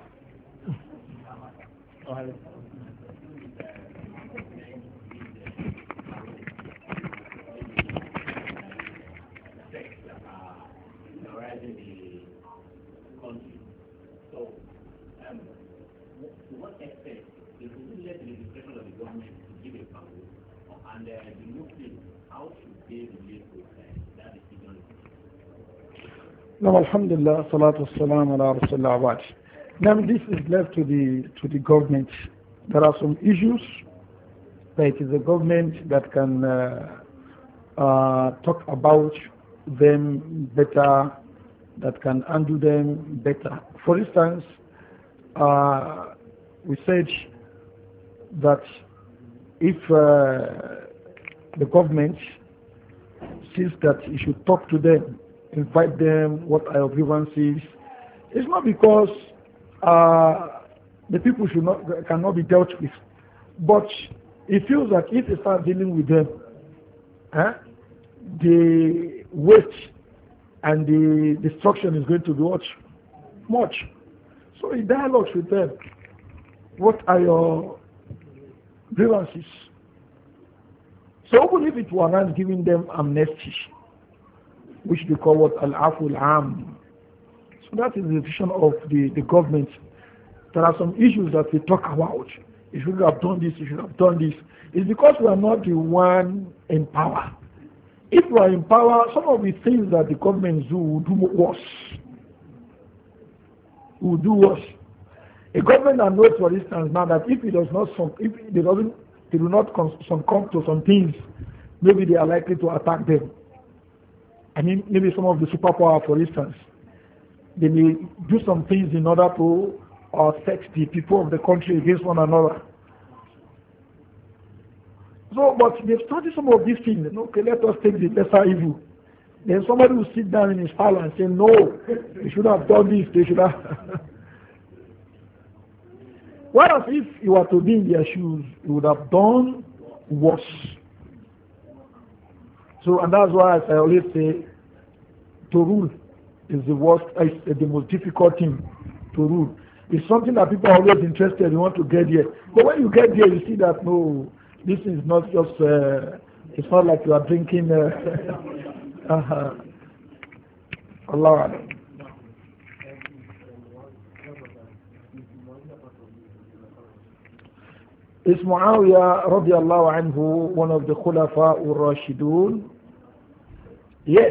Speaker 1: Now, Alhamdulillah, salatu wassalam ala rasulullah Now, this is left to the, to the government. There are some issues that it is the government that can uh, uh, talk about them better, that can undo them better. For instance, uh, we said that if uh, the government sees that it should talk to them invite them, what are your grievances. It's not because uh, the people should not cannot be dealt with, but it feels that if you start dealing with them, eh, the weight and the destruction is going to be much, much. So in dialogues with them. What are your grievances? So even if it not, giving them amnesty, which they call what Al-Aful Am. So that is the decision of the, the government. There are some issues that we talk about. You should have done this, you should have done this. It's because we are not the one in power. If we are in power, some of the things that the government do will do worse. Will do worse. A government that knows, for instance, now that if it does not, if they doesn't, they do not come to some things, maybe they are likely to attack them. I mean, maybe some of the superpower, for instance, they may do some things in order to uh, set the people of the country against one another. So, but they've studied some of these things. Okay, let us take the lesser evil. Then somebody will sit down in his parlor and say, no, they should have done this, they should have. Whereas if you were to be in their shoes, you would have done worse. So, and that's why, I always say, to rule is the worst, is the most difficult thing to rule. It's something that people are always interested. You want to get here, but when you get there, you see that no, this is not just. Uh, it's not like you are drinking. Uh, uh-huh. Allah. It's Muawiyah radiallahu anhu, one of the Khulafa ur-Rashidun, Yes,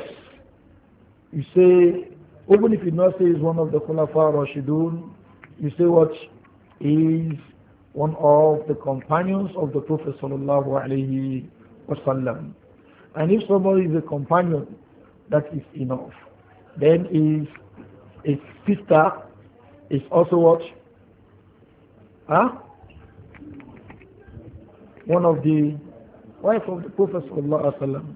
Speaker 1: you say, even if you not say is one of the Khulafa Rashidun, you say what is one of the companions of the Prophet sallallahu alaihi wasallam. And if somebody is a companion, that is enough. Then is his sister is also what? Huh? One of the wife of the Prophet sallallahu alaihi wasallam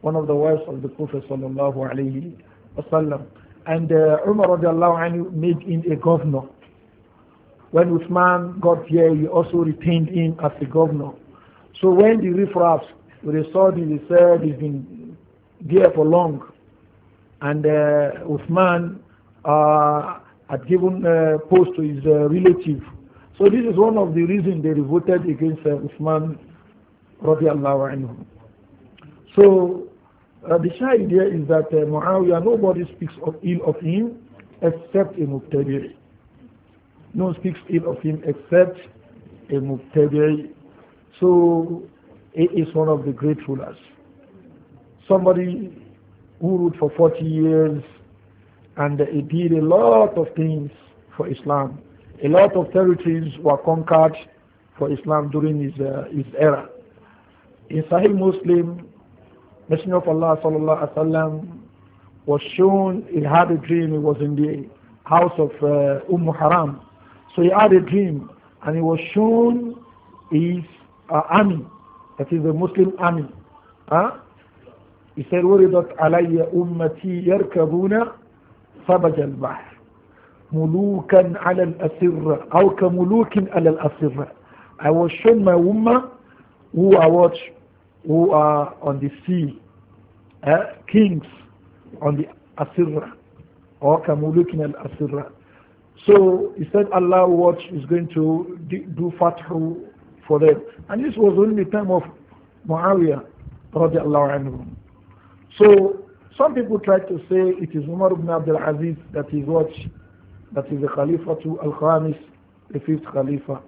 Speaker 1: one of the wives of the Prophet sallallahu alaihi wasallam. And uh, Umar radiallahu anhu made him a governor. When Uthman got here, he also retained him as a governor. So when the riffraffs, when they saw this, they said he's been there for long. And uh, Uthman uh, had given uh, post to his uh, relative. So this is one of the reasons they revolted against uh, Uthman radiallahu anhu. So uh, the shy idea is that uh, Muawiyah, nobody speaks of, ill of him except a Muqtabi'i. No one speaks ill of him except a Muqtabi'i. So he is one of the great rulers. Somebody who ruled for 40 years and he did a lot of things for Islam. A lot of territories were conquered for Islam during his, uh, his era. In Sahih Muslim, Messenger of Allah sallallahu alaihi wasallam was shown he had a dream. He was in the house of uh, Umm Haram, so he had a dream, and he was shown his uh, army, that is the Muslim army. Huh? He said, "وردت علي أمتي يركبون mulukan ala al على الأسرة أو ala al الأسرة." I was shown my ummah who are watched who are on the sea, uh, kings on the Asirah, or Kamulukin al Asirah. So he said Allah watch is going to do fathu for them. And this was only the time of Muawiyah radiallahu anhu. So some people try to say it is Umar ibn Abdul Aziz that is watch, that is the Khalifa to Al Khamis, the fifth Khalifa.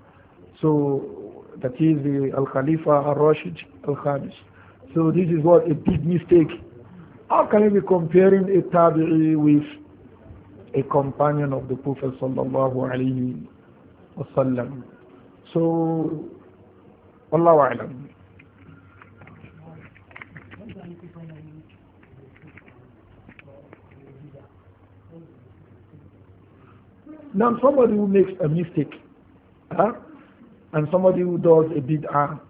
Speaker 1: So that is the Al Khalifa Al Rashid Al Khamis. So this is what a big mistake. How can you be comparing a tabi'i with a companion of the Prophet sallallahu alaihi wasallam? So, Allahu alam. Now somebody who makes a mistake, huh? and somebody who does a bid'ah.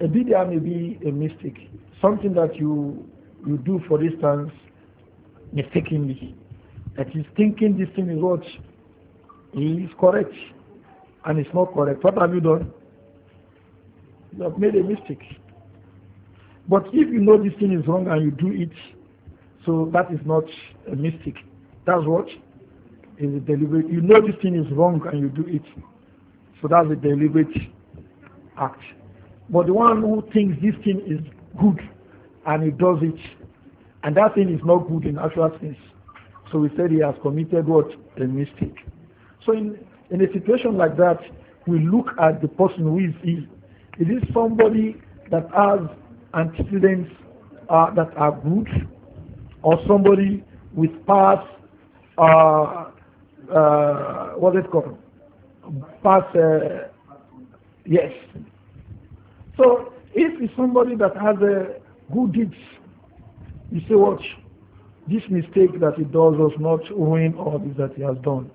Speaker 1: A bid'ah may be a mistake, something that you you do, for instance, mistakenly. That is thinking this thing is what is correct and it's not correct. What have you done? You have made a mistake. But if you know this thing is wrong and you do it, so that is not a mistake. That's what is deliberate. You know this thing is wrong and you do it. So that's a deliberate act. But the one who thinks this thing is good and he does it, and that thing is not good in actual sense. So we said he has committed what? A mistake. So in, in a situation like that, we look at the person who is, is, is this somebody that has antecedents uh, that are good or somebody with past, uh, uh, what is it called? But uh, yes. So if it's somebody that has a uh, good deeds, you say, watch, this mistake that he does does not ruin all this that he has done.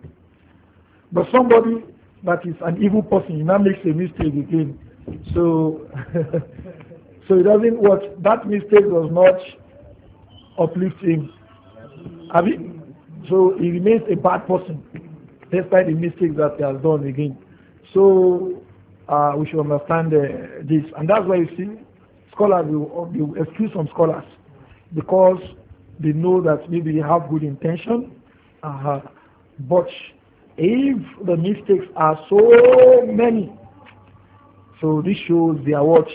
Speaker 1: But somebody that is an evil person, he now makes a mistake again. So, so it doesn't what that mistake does not uplift him. I mean, so he remains a bad person despite the mistakes that he has done again. So uh, we should understand uh, this. And that's why you see scholars will, uh, will excuse some scholars because they know that maybe they have good intention. Uh, but if the mistakes are so many, so this shows their watch,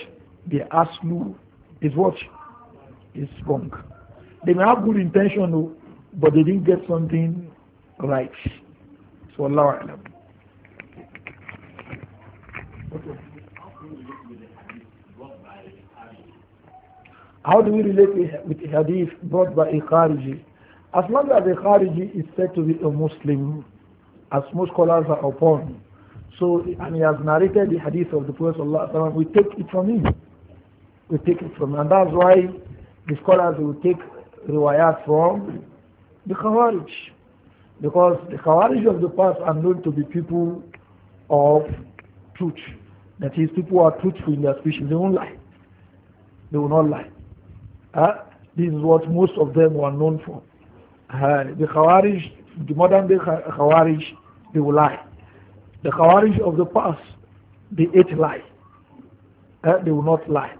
Speaker 1: their aslu is what is wrong. They may have good intention, oh, but they didn't get something right wallahu a'lam How do we relate with hadith brought by a Khariji? As long as a Khariji is said to be a Muslim, as most scholars are upon, so and he has narrated the hadith of the Prophet Allah. we take it from him. We take it from him. And that's why the scholars will take riwayat from the Khawarij. Because the Khawarij of the past are known to be people of truth. That is, people who are truthful in their speech. They won't lie. They will not lie. Huh? Ah, this is what most of them were known for. Uh, the Khawarij, the modern day Khawarij, they will lie. The Khawarij of the past, they ate lie. Uh, they will not lie.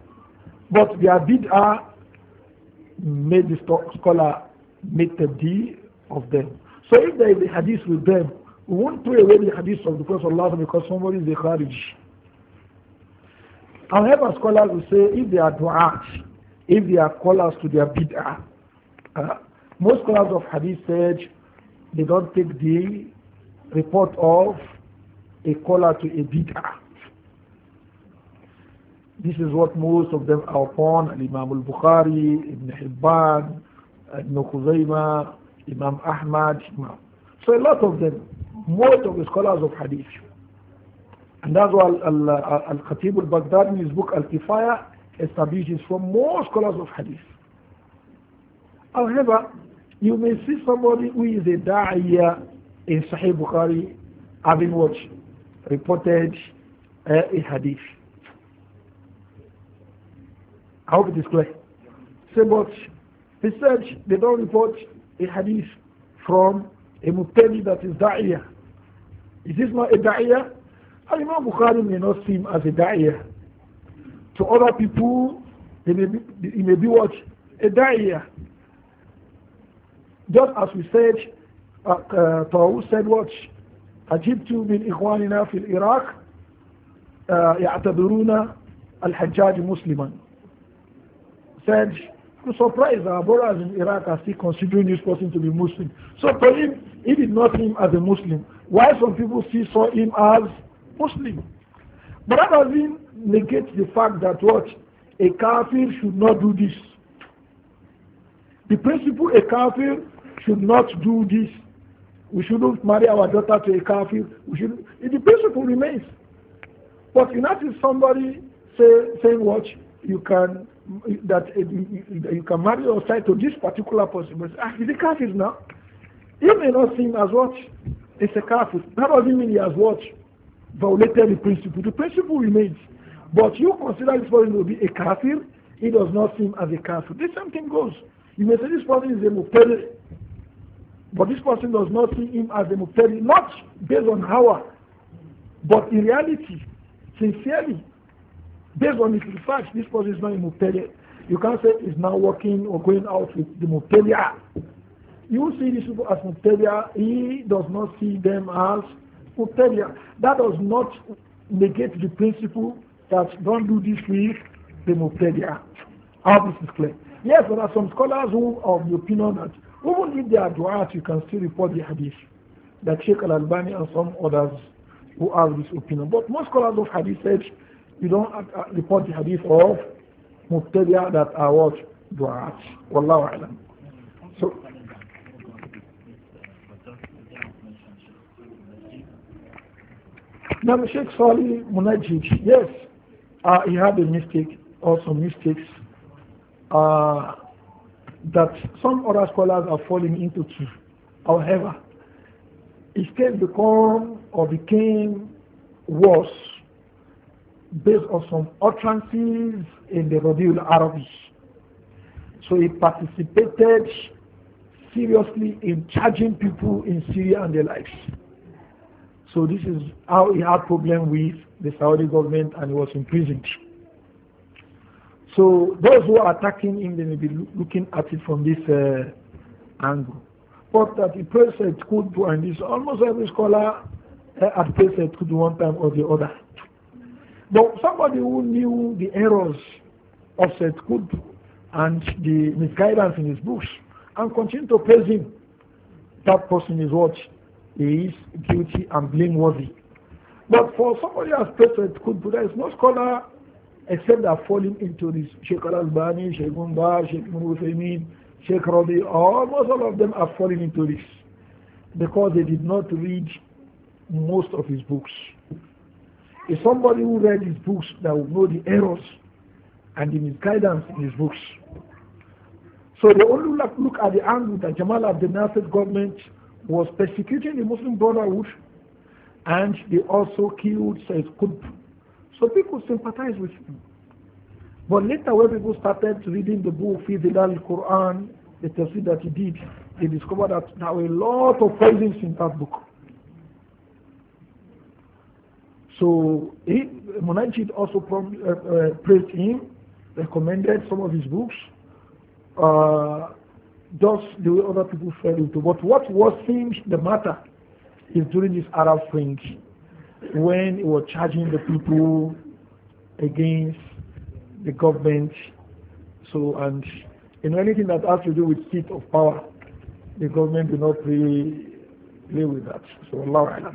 Speaker 1: But their bid'ah made the scholar make the D of them. So if there is a hadith with them, we won't throw away the hadith of the Prophet Allah because somebody is a Kharij. However, scholars will say if they are du'at, if they are callers to their bid'ah, uh, most scholars of hadith said they don't take the report of a caller to a bid'ah. This is what most of them are upon, Al-Imam al-Bukhari, Ibn Hibban, Ibn Khuzaymah, Imam Ahmad, Imam. So a lot of them, most of the scholars of hadith. And that's why Al-Khatib al, al, Baghdad in his book Al-Kifaya establishes for more scholars of hadith. However, you may see somebody who is a da'iya in Sahih Bukhari having what? Reported uh, a hadith. I hope it is clear. Say, but he said they don't report a hadith from a Mubtadi that is Da'iyah. Is this not a Da'iyah? And Imam Bukhari may not seem as a Da'iyah. To other people, he may be, he may be what? A Da'iyah. Just as we said, uh, uh, Tawus said what? أجبت من إخواننا في العراق يعتبرون الحجاج مسلما said i surprised our brothers in Iraq are still considering this person to be Muslim. So for him, he did not see him as a Muslim. Why some people see saw him as Muslim? But that doesn't negate the fact that what? A kafir should not do this. The principle a kafir should not do this. We shouldn't marry our daughter to a kafir. We should. The principle remains. But in that is somebody say, saying what? You can that you can marry outside to this particular person. But ah, he's a kafir now. He may not seem as what? It's a kafir. That doesn't mean he has what? Violated the principle. The principle remains. But you consider this person to be a kafir, he does not seem as a kafir. The same thing goes. You may say this person is a mubtadi, but this person does not see him as a mubtadi, not based on how, but in reality, sincerely, Based on the fact this person is not in you can't say he's now working or going out with the Mubtadi. You see these people as Mubtadi, he does not see them as Mubtadi. That does not negate the principle that don't do this with the Mubtadi. How this is clear. Yes, there are some scholars who are of the opinion that even if they are du'at, you can still report the hadith. That Sheikh Al-Albani and some others who have this opinion. But most scholars of hadith said you don't uh, report the hadith of Muqtadiya that I watch. Du'at. Wallahu alam. So, now Sheikh Salih Munajid, yes, uh, he had a mistake, also mistakes uh, that some other scholars are falling into too. However, his the become or became worse based on some utterances in the Rodiul Arabi. So he participated seriously in charging people in Syria and their lives. So this is how he had problem with the Saudi government and he was imprisoned. So those who are attacking him, they may be looking at it from this uh, angle. But that the president could do, and this almost every scholar uh, at Prophet could do one time or the other. But somebody who knew the errors of Seth Qutb and the misguidance in his books and continue to praise him, that person is what is guilty and blameworthy. But for somebody as Prophet Qutb, there is no scholar except that falling into this Sheikh Al Albani, Sheikh Mumba, Sheikh Muruthamin, Sheikh Rabi, almost all of them are falling into this because they did not read most of his books is somebody who read his books that will know the errors and the misguidance in his books. So they only look at the angle that Jamal Abdel Nasser government was persecuting the Muslim Brotherhood and they also killed Said Qutb. So people sympathize with him. But later when people started reading the book Fidilal Quran, the tafsir that he did, they discovered that there were a lot of poisons in that book. So Munajid also prom, uh, uh, praised him, recommended some of his books, uh, the way other people fell into. But what was the matter is during this Arab Spring, when he was charging the people against the government. So, and you know, anything that has to do with seat of power, the government do not really play with that. So, Allah.